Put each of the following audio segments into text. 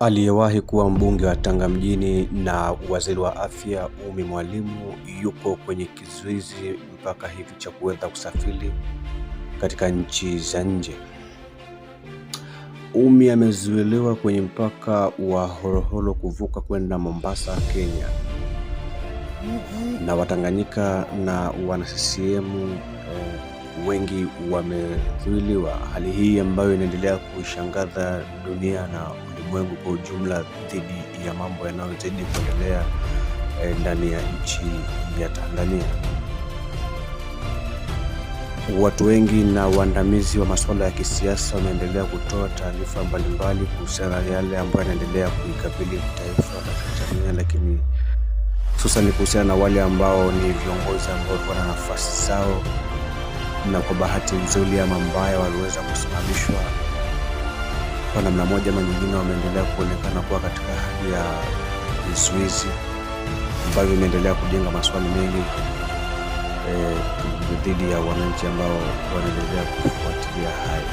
Aliyewahi kuwa mbunge wa Tanga mjini na waziri wa afya umi Mwalimu yupo kwenye kizuizi mpaka hivi cha kuweza kusafiri katika nchi za nje. umi amezuiliwa kwenye mpaka wa Horohoro kuvuka kwenda Mombasa, Kenya. Na Watanganyika na wana CCM eh, wengi wamezuiliwa, hali hii ambayo inaendelea kushangaza dunia na ulimwengu kwa ujumla dhidi ya mambo yanayozidi kuendelea eh, ndani ya nchi ya Tanzania. Watu wengi na waandamizi wa masuala ya kisiasa wameendelea kutoa taarifa mbalimbali kuhusiana na yale ambayo yanaendelea kuikabili taifa la Tanzania, lakini hususan kuhusiana na wale ambao ni viongozi ambao wana nafasi zao na kwa bahati nzuri ama mbaya waliweza kusimamishwa kwa namna moja ama nyingine wameendelea kuonekana kuwa katika hali ya vizuizi ambavyo imeendelea kujenga maswali mengi e, dhidi ya wananchi ambao wanaendelea kufuatilia hayo.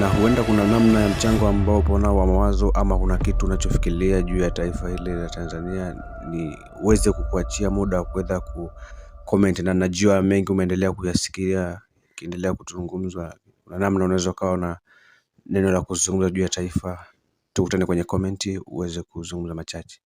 na huenda kuna namna ya mchango ambao pona wa mawazo, ama kuna kitu unachofikiria juu ya taifa hili la Tanzania, ni uweze kukuachia muda wa kuweza ku comment na najua mengi umeendelea kuyasikia ukiendelea kuzungumzwa na namna unaweza ukawa na neno la kuzungumza juu ya taifa, tukutane kwenye komenti uweze kuzungumza machache.